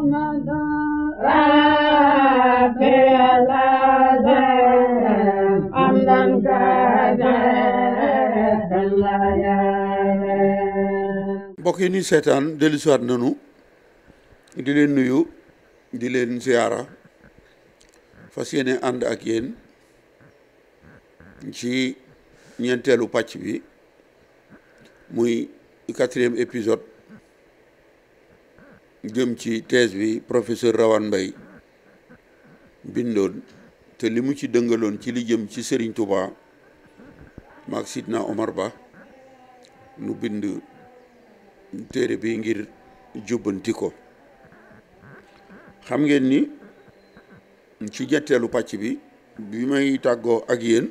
mbokk yi nuy seetaan dellusiwaat nanu di leen nuyu di leen ziyaara fas yéene ànd ak yéen ci ñeenteelu pàcc bi muy quatrième épisode jëm ci thèse bi professeur Rawane Mbaye bindoon te li mu ci dëngaloon ci li jëm ci Serigne Touba maak Sidna Omar Ba nu bind téere bi ngir jubbanti ko xam ngeen ni ci ñetteelu pàcc bi bi may tàggoo ak yéen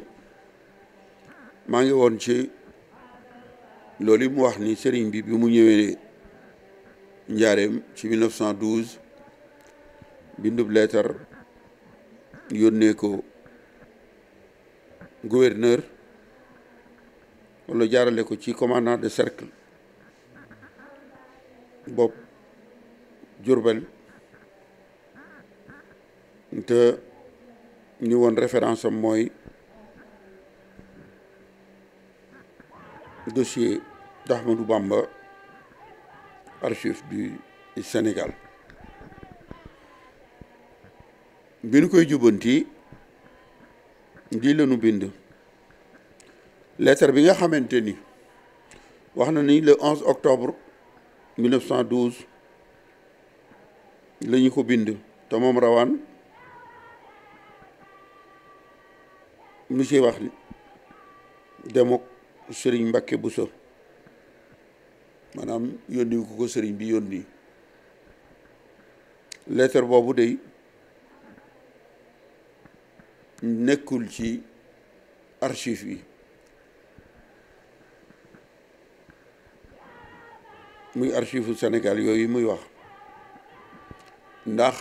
maa ngi woon ci loolu mu wax ni sëriñ bi bi mu ñëwee njaareem ci 1912 bindub leetar yónnee ko gouverneur wala jaarale ko ci commandant de cercle bopp Diourbel te ñu won référence am mooy dossier d'Ahmadou Bamba Archives du Sénégal Bien que koy dit le la bind lettre bi nga le 11 octobre 1912 le ñu ko bind te moom rawaan monsieur wax demok Serigne Bakke Bousso maanaam yónni ku ko sëriñ bi yónni leetar boobu day nekkul ci archive yi muy archive Sénégal yooyu muy wax ndax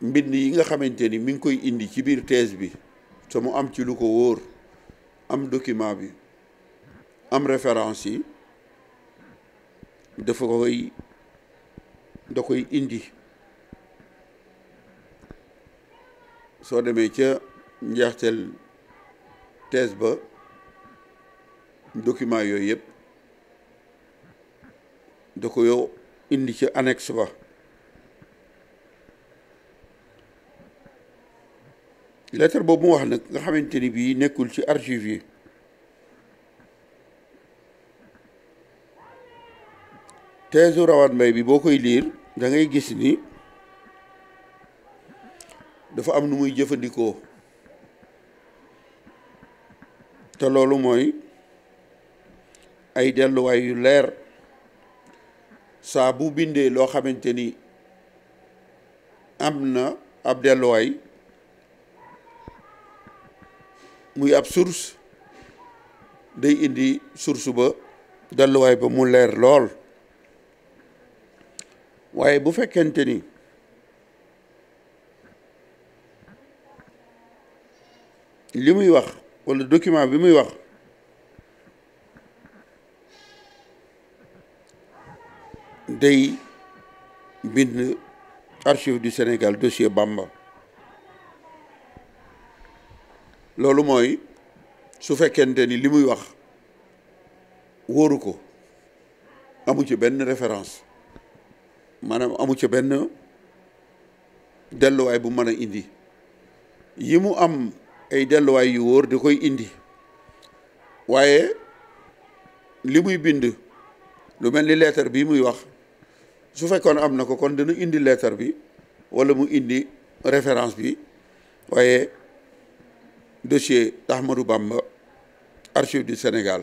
mbind yi nga xamante ni mi ngi koy indi ci biir thèse bi te mu am ci lu ko wóor am document bi am référence yi dafa koy da koy indi soo demee ca njeexteel thèse ba document yooyu yëpp da ko yow indi ca annexe ba lettre boobu mu wax nag nga xamante ni bii nekkul ci archive yi teesu Rawaan Mbay bi boo koy liir dangay gis ni dafa am nu muy jëfandikoo te loolu mooy ay delluwaay yu leer saa bu bindee loo xamante ni am na ab delluwaay muy ab source day indi source ba delluwaay ba mu leer lool waaye bu fekkente ni li muy wax le document bi muy wax day bind archive du Sénégal dossier Bamba loolu mooy su fekkente ni wax wóoru ko amu ci référence maanaam amu ci benn delluwaay bu mën a indi yi mu am ay delluwaay yu wóor di koy indi waaye li muy bind lu mel ni leetar bii muy wax su fekkoon am na ko kon dina indi leetar bi walla mu indi référence bi waaye dossier Ahmadou Bamba archive du Sénégal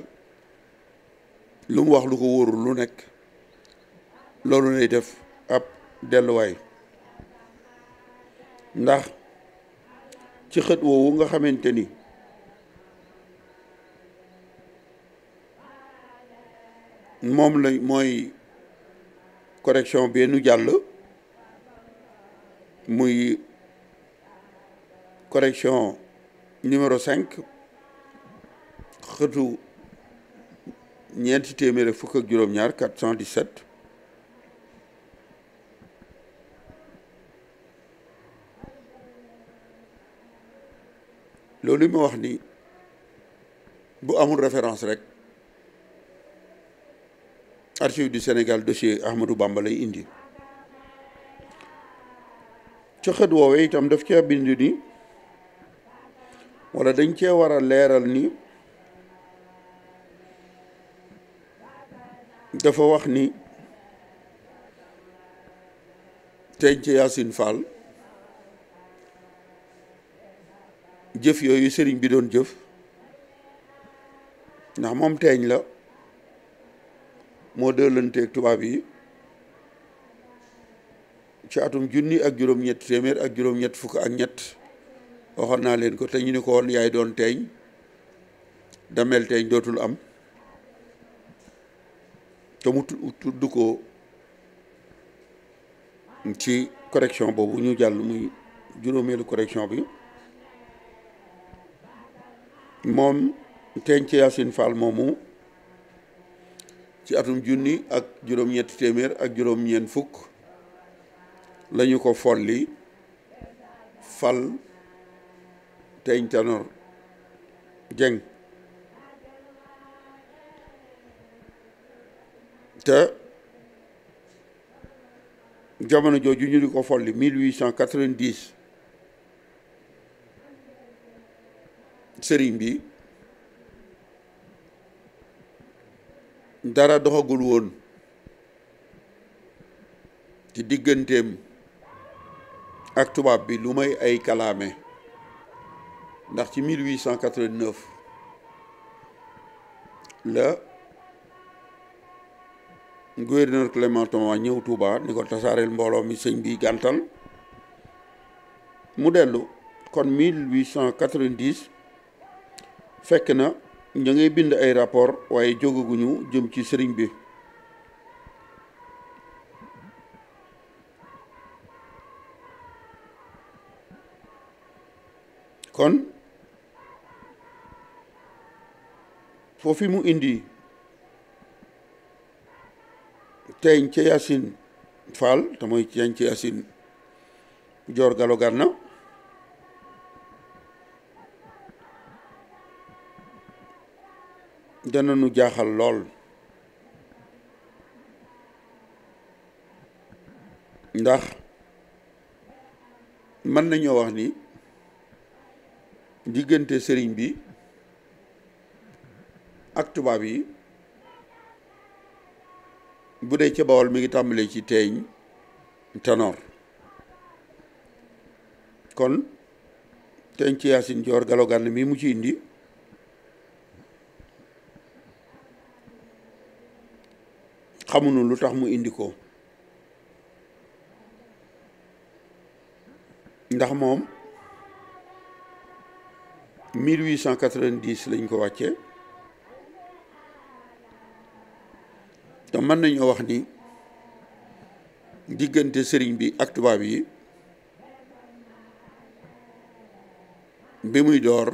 lu mu wax lu ko wóorul lu nekk loolu lay def ab deluay ndax ci xet wo nga xamanteni moy correction bi nu jall muy correction numéro 5 xetu ñenti téméré fukk ak juroom ñaar 417 loolu ma wax ni bu amul référence rek archive du Sénégal dossier Ahmadou Bamba lay indi ca xët woowee itam daf cee bind ni wala dañ cee war a leeral ni dafa wax ni tey ci Yacine Fall jëf yooyu sëriñ bi doon jëf ndax moom teeñ la moo dëlanteeg tubaab yi ci atum junni ak juróom-ñett téeméer ak juróom-ñett fukk ak ñett waxoon naa leen ko te ñu ni ko woon yaay doon teeñ damel teeñ dootul am te mu tudd ko ci correction boobu ñu jàll muy juróomeelu correction bi moom teen ci Yacine Fall moomu ci atum junni ak juróom-ñetti téeméer ak juróom-ñeent fukk lañu ko folli fal teeñ Tanor Dieng te jamono jooju ñu di ko folli 1890 sëriñ bi dara doxagul woon ci digganteem ak tubaab bi lu may ay kalaame ndax ci 1889 la gouverneur Clément ñëw Touba ni ko tasaareel mbooloo mi sëñ bi gàntal mu dellu kon 1890 fekk na ña ngay bind ay rapport waaye jógaguñu jëm ci sëriñ bi kon foofi mu indi teeñ ca Yacine Fall te mooy teeñ ca Galo dana nu jaaxal lool ndax mën nañoo wax ni diggante sëriñ bi ak tubaab yi bu dee ca Bawol mi ngi tàmbalee ci teeñ tanoor kon teeñ ci yaasin joor galo gànn mi mu ci indi xamuñu lu tax mu indi ko ndax moom 1890 lañ ko wàcce te mën nañoo wax ni diggante sëriñ bi ak tubaab yi bi muy door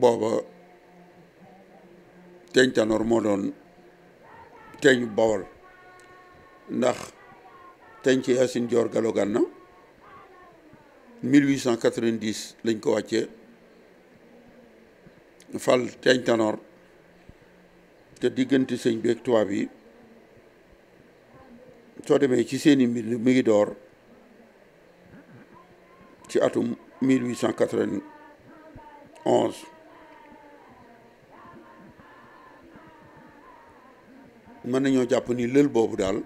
booba teeñ tanoor moo doon teeñu bawol ndax Teñci Yacine Dior Gallo Ganna 1890 lañ ko wàccee fal Teñ Tanor te diggante sëñ bi ak tubaab yi soo demee ci seeni mbir mi ngi door ci atum 1891 mën nañoo jàpp ni lël boobu daal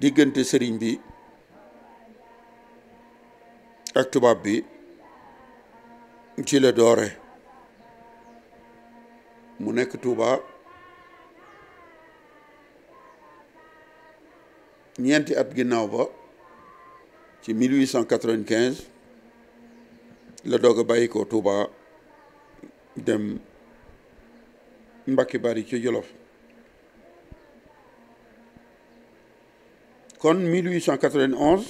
diggante sëriñ bi ak tubaab bi ci la doore mu nekk Tuuba ñeenti at ginnaaw ba ci 1895 la doog a bàyyi ko Tuuba dem Mbàkke Bari ci Jolof kon 1891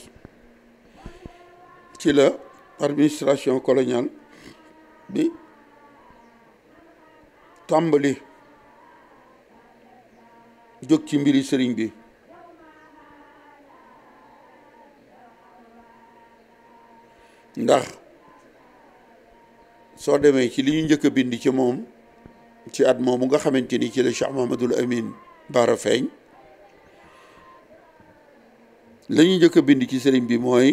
ci la administration coloniale bi tàmbali jóg ci mbiri sëriñ bi ndax soo demee ci li ñu njëkk bind ci moom ci at moomu nga xamante ni ci la Cheikh Mahamadul Amin Baara feeñ lañuy ñuy njëkk a bind ci sëriñ bi mooy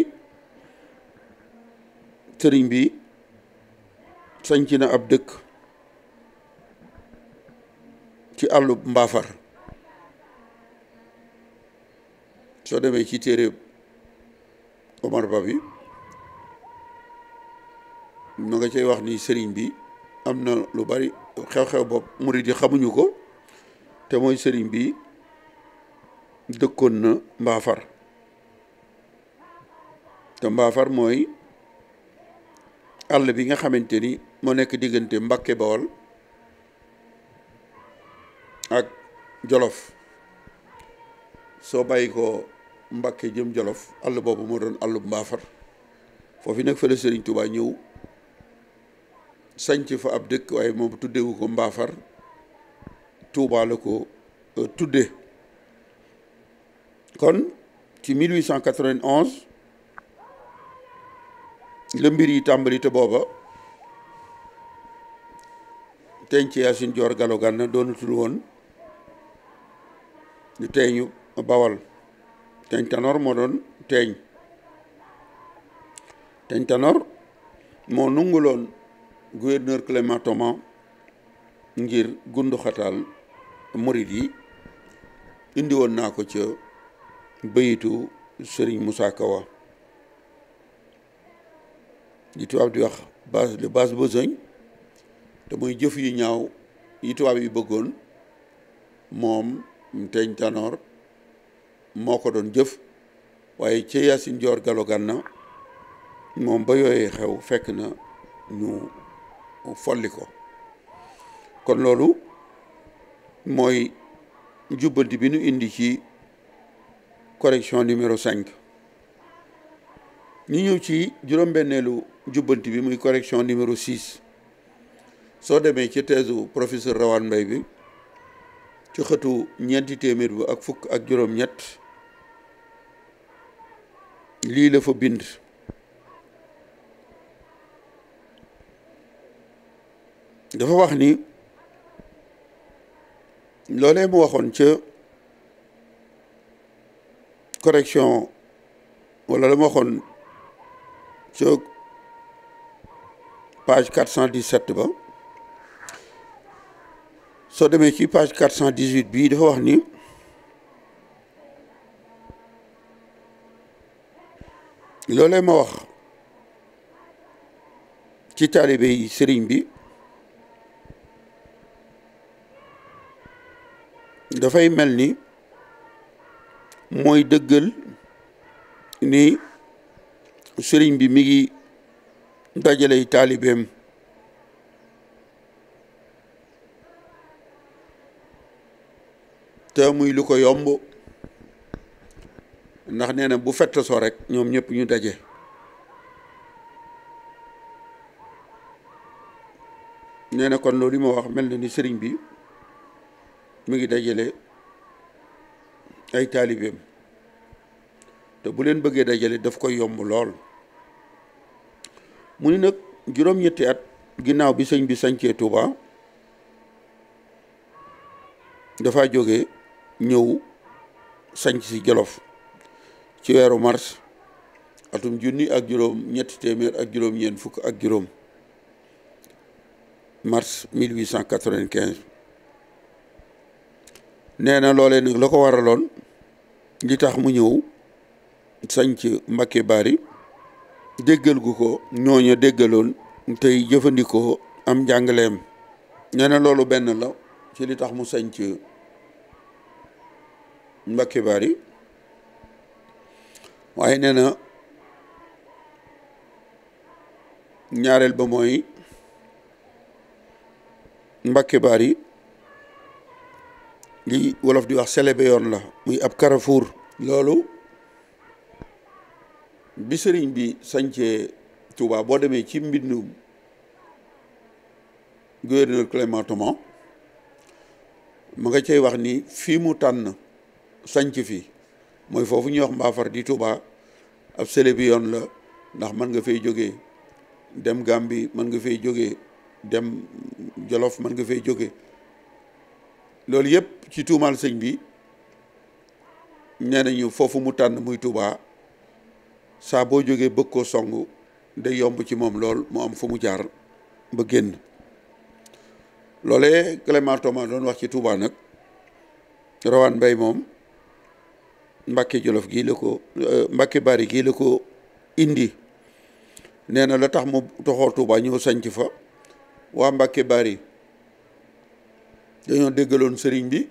sëriñ bi sañc na ab dëkk ci àllub mbaafar soo demee ci téere Omar Ba bi ma nga cay wax ni sëriñ bi am na lu bari xew-xew bopp murid yi xamuñu ko te mooy sëriñ bi dëkkoon na mbaafar te mbaafar mooy àll bi nga xamante ni moo nekk diggante mbakke bawal ak Jolof soo bàyyi ko Mbàkke jëm Jolof àll boobu moo doon àllu mbaafar foofu nag fële Sëriñ Tuubaa ñëw sanc fa ab dëkk waaye moom tuddewu ko mbaafar Tuubaa la ko euh, tudde kon ci 1891 la mbir yi tàmbali te booba teñ ci Yacine Dior Gallo Gane doonatul woon teeñu bawal teñ Tanor moo doon teeñ teñ Tanor moo nunguloon gouverneur Clément ngir gundu xataal murid yi indi woon naa ko ca bayitu Serigne Moussa Kawa li tubaab di wax base de base besogne te muy jëf yu ñaaw yi tubaab yi bëggoon moom teeñ tanoor moo ko doon jëf waaye ci Yaasin Joor Galo Gànna moom ba yooyee xew fekk na ñu folli ko kon loolu mooy jubbanti bi ñu indi ci correction numéro cinq ñu ñëw ci juróom-benneelu jubbanti bi muy correction numéro 6 soo demee ci teesu professeur Rawane Mbaye bi ci xëtu ñeenti téeméer bu ak fukk ak juróom-ñett lii la fa bind dafa wax ni loolee mu waxoon ca correction wala la mu waxoon ca page 417 ba soo demee ci page 418 bii dafa wax ni loolee ma wax ci taalibe yi sëriñ bi dafay mel ni mooy dëggal ni sëriñ bi mi ngi dajaley taalibeem te muy lu ko yomb ndax nee na bu fett soo rek ñoom ñépp ñu daje nee na kon loolu li ma wax mel na ni sëriñ bi mu ngi dajale ay taalibeem te bu leen bëggee dajale daf koy yomb lool mu ni nag juróom-ñetti at ginnaaw bi sëñ bi sañcee Touba dafa jóge ñëw sañc si Jolof ci weeru mars atum junni ak juróom ñetti téeméer ak juróom ñeent fukk ak juróom mars 1895 nee na loolee la ko waraloon li tax mu ñëw sanc Mbacké Bari déggal gu ko ñooña déggaloon tey jëfandikoo am njàngaleem nee loolu benn la ci li tax mu sanc Mbacké Bari waaye nee na ñaareel ba mooy Mbacké Bari li wolof di wax selebe yoon la muy ab karafuur loolu bi sëriñ bi sañcee Touba boo demee ci mbindu gouverneur Clément Thomas ma nga cay wax ni fii mu tànn sañc fi mooy foofu ñuy wax mbaafar di Touba ab sële bi yoon la ndax mën nga fay jóge dem Gàmbi mën nga fay jóge dem Jolof mën nga fay jóge loolu yëpp ci tuumaal sëñ bi nee nañu foofu mu tànn muy Touba saa boo jógee bëgg koo song day yomb ci moom lool mu am fu mu jaar ba génn loolee Clément doon wax ci Touba nag rawaan mbay moom Mbàkke Jolof gii la ko euh, Mbàkke Bari gii la ko indi nee na la tax mu toxoo Touba ñëw sanc fa waa Mbàkke Bari dañoo déggaloon sëriñ bi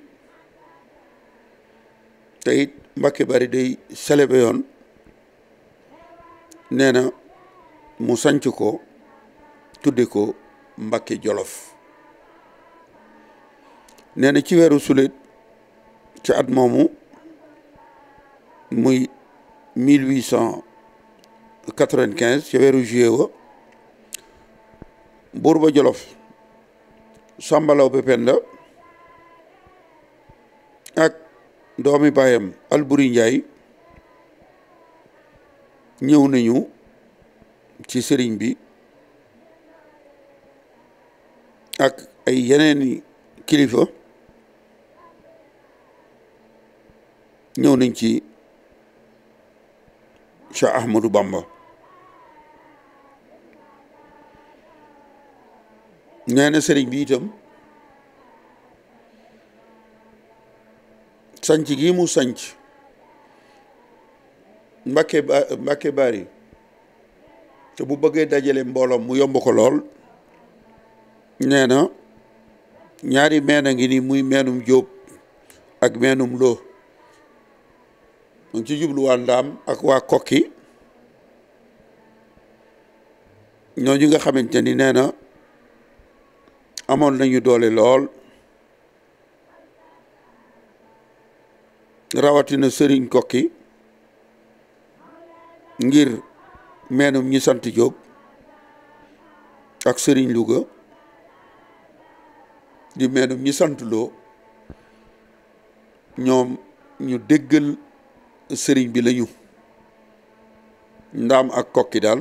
te it Mbàkke Bari day selebe yoon nee na mu sanc ko tudde ko Mbàkke Jolof nee ci weeru sulet ci at moomu muy mille huit cent quatre-vingt-quinze ci weeru juillet wa buur Jolof Sàmba Lawbe Penda ak doomi baayam Alburi Njaay ñëw nañu ci sëriñ bi ak ay yeneeni kilifa ñëw nañ ci Cheikh Ahmadou Bamba nee sëriñ bi itam sanc gi mu sanc Mbacke Bari te bu bëggee dajale mbooloom mu yomb ko lool nee na ñaari meen a ngi nii muy meenum jóob ak meenum loo mu ngi ci jubluwaa waa ndaam ak waa kokki ñooñu nga xamante ni nee na amoon nañu doole lool rawatina sëriñ kokki ngir meenum ñi sant Jóob ak Sëriñ Louga di meenum ñi sant Loo ñoom ñu déggal sëriñ bi lañu ndaam ak kokki daal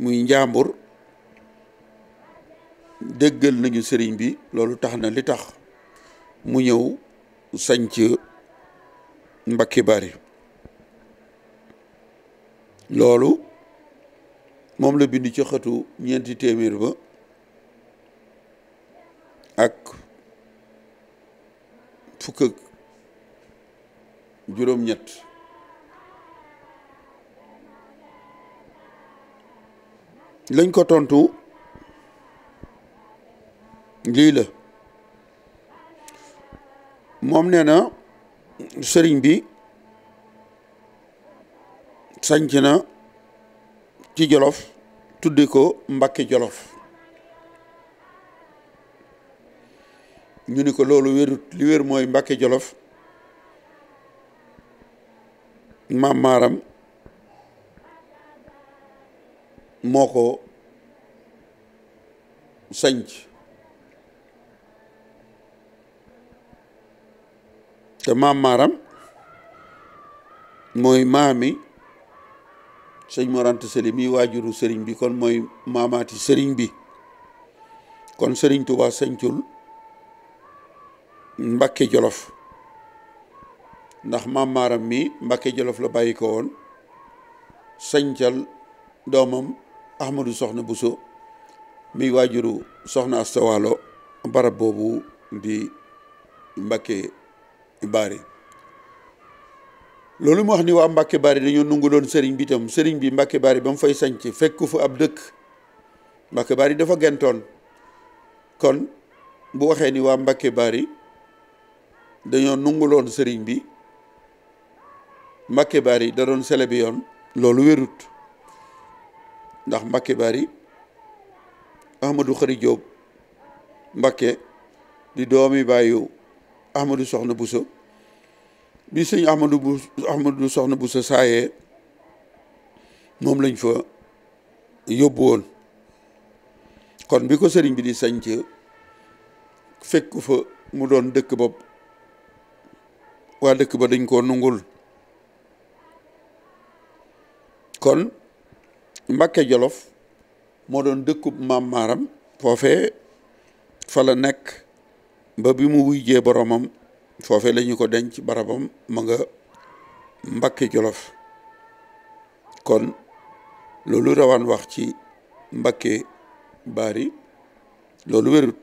muy njàmbur déggal nañu sëriñ bi loolu tax na li tax mu ñëw sañc Mbacke Bari loolu moom la bind ci xëtu ñeenti téeméer ba ak fukk juróom-ñett lañ ko tontu lii la moom nee na sëriñ bi sanc na ci jolof tudde ko Mbàkke jolof ñu ni ko loolu wérut li wér mooy Mbàkke jolof maam maaram moo ko sanc te maam maaram mooy maami sëñ Mor Anta Sali mi waajuru sëriñ bi kon mooy maamaati sëriñ bi kon sëriñ Touba sañcul Mbakke Jolof ndax maam maaram mi Mbakke Jolof la bàyyi ko woon sañcal doomam Ahmadou Soxna Bousso mi waajuru Soxna Asta Waalo barab boobu di Mbakke Baari loolu mu wax ni waa Mbàkke Bari dañoo nungu loon sëriñ bi tam sëriñ bi Mbàkke Bari ba mu fay sanc fekku fa ab dëkk Mbàkke Bari dafa gentoon kon bu waxee ni waa Mbàkke Bari dañoo nungu sëriñ bi Mbàkke Bari da doon sele bi yoon loolu wérut ndax Mbàkke Bari Ahmadou Khary Diop Mbàkke di doomi bàyyu Ahmadou Soxna Bousso bi sëñ Ahmadou bu Ahmadou Soxna bu sa saayee moom lañ fa yóbbuwoon kon bi ko sëriñ bi di sanc fekk fa mu doon dëkk ba waa dëkk ba dañ koo nungul kon mbakke Jolof moo doon dëkku maam maaram foofe fa la nekk ba bi mu wujjee boromam foofe la ñu ko denc barabam ma nga mbakki jolof kon loolu rawaan wax ci mbakke bari loolu wérut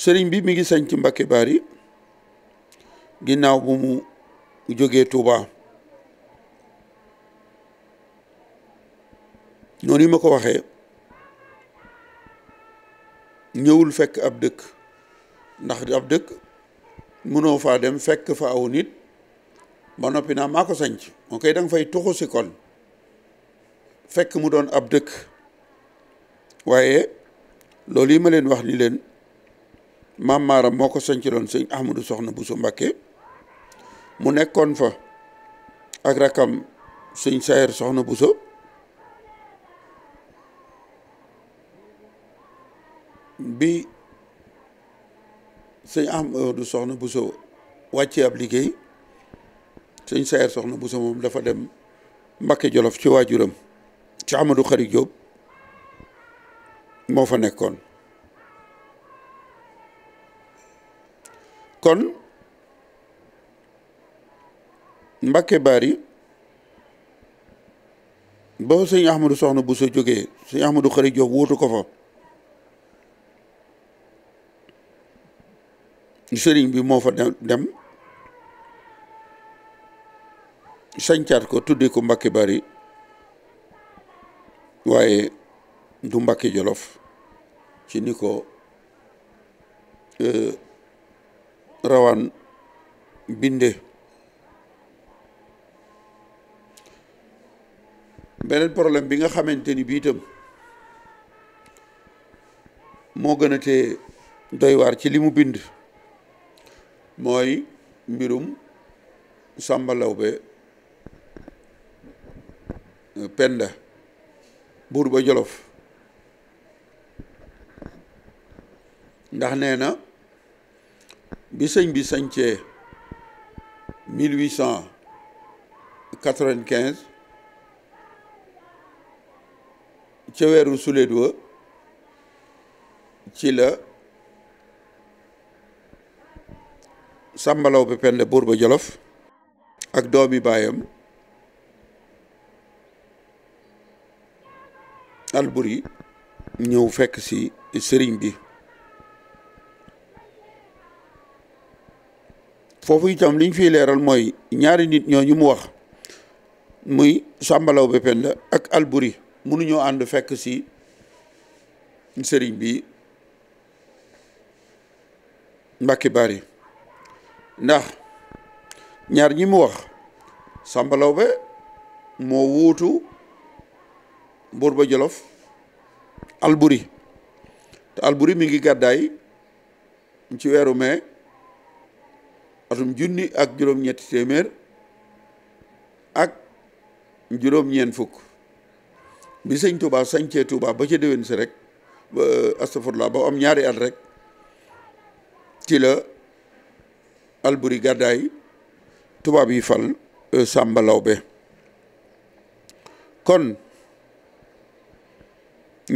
sëriñ bi mi ngi sañ ci mbakke bari ginnaaw bu mu jógee tuuba ñoo yi ma ko waxee ñëwul fekk ab dëkk ndax ab dëkk mënoo faa dem fekk fa aw nit ba noppi naa maa ko sanc moo koy da fay tuxu si kon fekk mu doon ab dëkk waaye loolu yi ma leen wax ni leen maam maaram moo ko sanc loon sëñ Ahmadou Soxna Bousso Mbacké mu nekkoon fa ak rakam sëñ Sayer Soxna Bousso bi sëñ Ahmadu Soxna Bousso wàccee ab liggéey sëñ Sayer Soxna Bousso moom dafa dem Mbakke Jolof ci waajuram ci Amadou Xari Jóob moo fa nekkoon kon Mbakke Bari ba sëñ Ahmadu Soxna Bousso jógee sëñ Ahmadu Xari Jóob wóotu ko fa sëriñ bi moo fa dem sancaat ko tuddi ko Mbàkke Bari waaye du mbaki Jolof ci ni ko euh, rawan binde beneen problème bi nga xamante ni bii itam moo gën a tee doy waar ci limu bind mooy mbirum Samba Lawbe euh, Penda buur ba Jolof ndax nee na bi sëñ bi sañcee mille huit ca weeru sulet wa ci la sàmbalaw bi pende buur ba jolof ak doomi baayam Alburi ñëw fekk ci sëriñ bi foofu itam liñ fiy leeral mooy ñaari nit ñoo ñu mu wax muy sàmbalaw bi penda ak Alburi mënuñoo ànd fekk ci sëriñ bi Mbàkke Bari ndax ñaar ñi mu wax Samba Laobé moo wuutu ba Jolof Alburi te Alburi mi ngi gàddaay ci weeru mai atum junni ak juróom-ñetti téeméer ak juróom-ñeent fukk bi sëñ Touba sañcee Touba ba ca déwén si rek astafurlah ba am ñaari at rek ci Alburi gàddaay tubaab yi fal euh, Sàmba Lawbe kon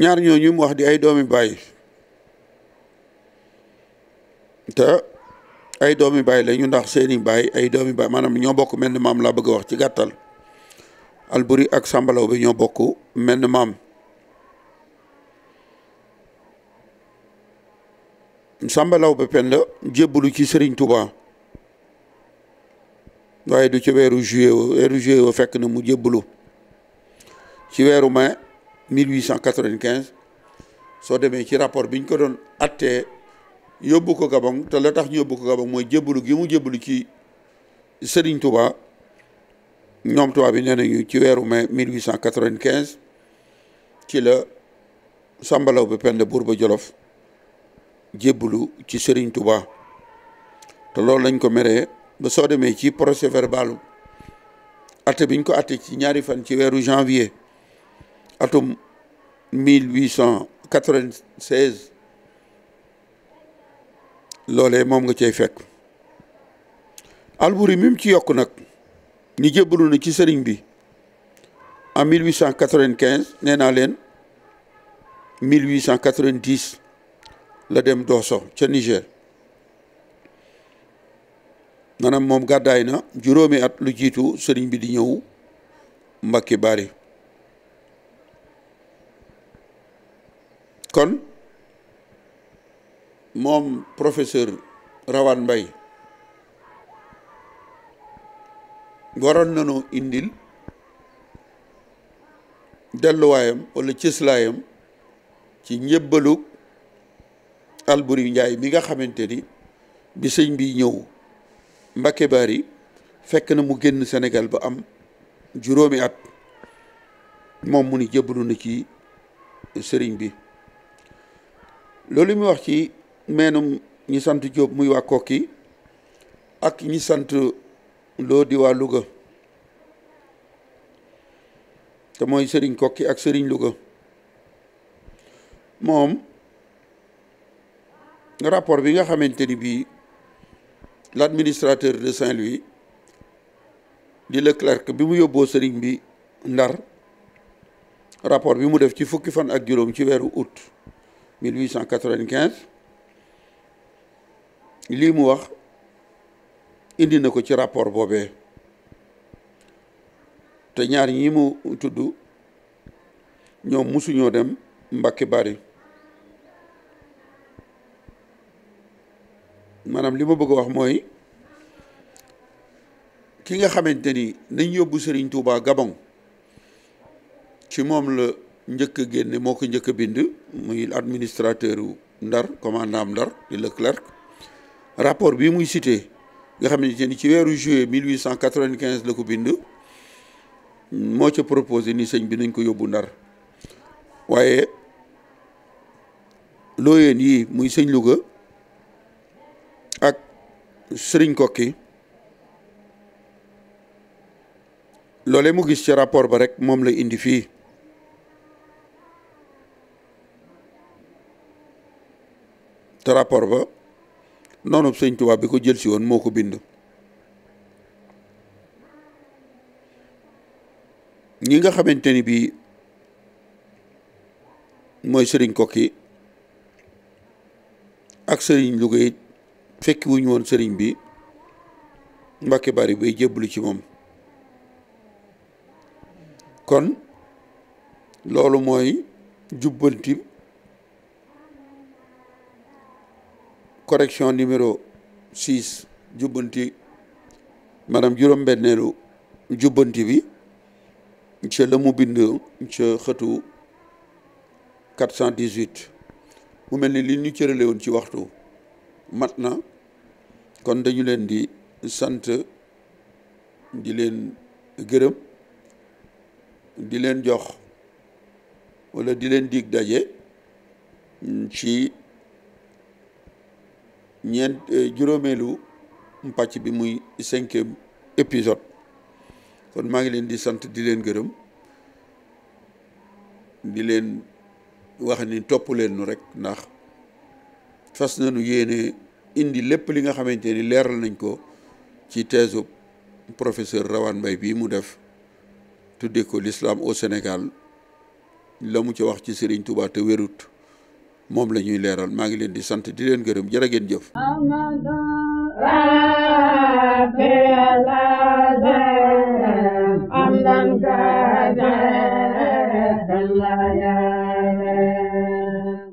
ñaar ñooñu mu wax di ay doomi baay te ay doomi baay lañu ndax seeni baay ay doomi baay maanaam ñoo bokk menn maam laa bëgg a wax ci gàttal Alburi ak Sàmba Lawbe ñoo bokk menn maam Sàmba Lawbe Penda jébbalu ci Sëriñ Tuubaa waaye du ci weeru juillet wa weeru juillet wa fekk na mu ci weeru mai 1895 soo demee ci rapport biñ ko doon attee yóbbu ko Gabon te la tax yóbbu ko Gabon mooy jébbalu gi mu jébbalu ci Serigne Touba ñoom tubaab bi nee ci weeru mai 1895 ci la sambalaw bi pend buur Jolof ci Touba lañ ko ba soo demee ci procès verbalu atte biñ ko atte ci ñaari fan ci weeru janvier atum 1896 loolee moom nga cey fekk Alburi mim ci yokk nag ni jébbalu na ci sëriñ bi en 1895 nee naa leen 1890 la dem Dosso ca Niger maanaam moom gàddaay na juróomi at lu jiitu sëriñ bi di ñëw Mbàkke Bari kon moom professeur Rawane mbay waroon nañu indil delluwaayam walla cëslaayam ci njëbbalug Alburi Njaay bi nga xamante ni bi sëñ bi ñëw Mbacke yi fekk na mu génn Sénégal ba am juróomi at moom mu ni jébbalu na ci sëriñ bi loolu mu wax ci meenum ñi sant Jóob muy waa Kokki ak ñi sant Loo di waa Louga te mooy sëriñ Kokki ak sëriñ Louga moom rapport bi nga xamante ni bii l'administrateur de Saint-Louis di Leclerc bi mu yóbboo bi Ndar rapport bi mu def ci fukki fan ak juróom ci août 1895 lii mu wax indi na ko ci rapport Bobé te ñaar ñi mu ñom musu musuñoo dem Mbàkke Bari maanaam li ma bëgg a wax mooy ki nga xamante ni nañ yóbbu Serigne Touba Gabon ci moom la njëkk a génne moo ko njëkk a bind muy administrateur Ndar commandant Ndar di Leclerc rapport bi muy cité nga xamante ni ci weeru juillet 1895 la ko bind moo ci proposé ni sëñ bi nañ ko yóbbu Ndar waaye looyeen yi muy sëñ Louga sëriñ Kokki loole mu gis ci rapport ba rek moom la indi fii te rapport ba noonu sëñ Tuubaa bi ko jël si moo ko bind ñi nga xamante ni bii mooy sëriñ Kokki ak sëriñ Louga fekki woon sëriñ bi Mbàkke Bari bay jébbalu ci moom kon loolu mooy jubbanti correction numéro six jubbanti maanaam juróom-benneelu jubbanti bi ca la mu bind ca xëtu mu mel ni li ñu cërale ci waxtu mat na kon dañu leen di sant di leen gërëm di leen jox wala di leen dig daje ci ñeent juróomeelu pàcc bi muy cinquième épisode kon maa ngi leen di sant di leen gërëm di leen wax ni topp leen nu rek ndax fas nañu yéene indi lépp li nga xamante ni leeral nañ ko ci teesu professeur Rawane Mbaye bii mu def tuddee ko l'islam au Sénégal la mu ci wax ci Serigne Touba te wérut moom la ñuy leeral maa ngi leen di sant di leen gërëm jërë ngeen jëf.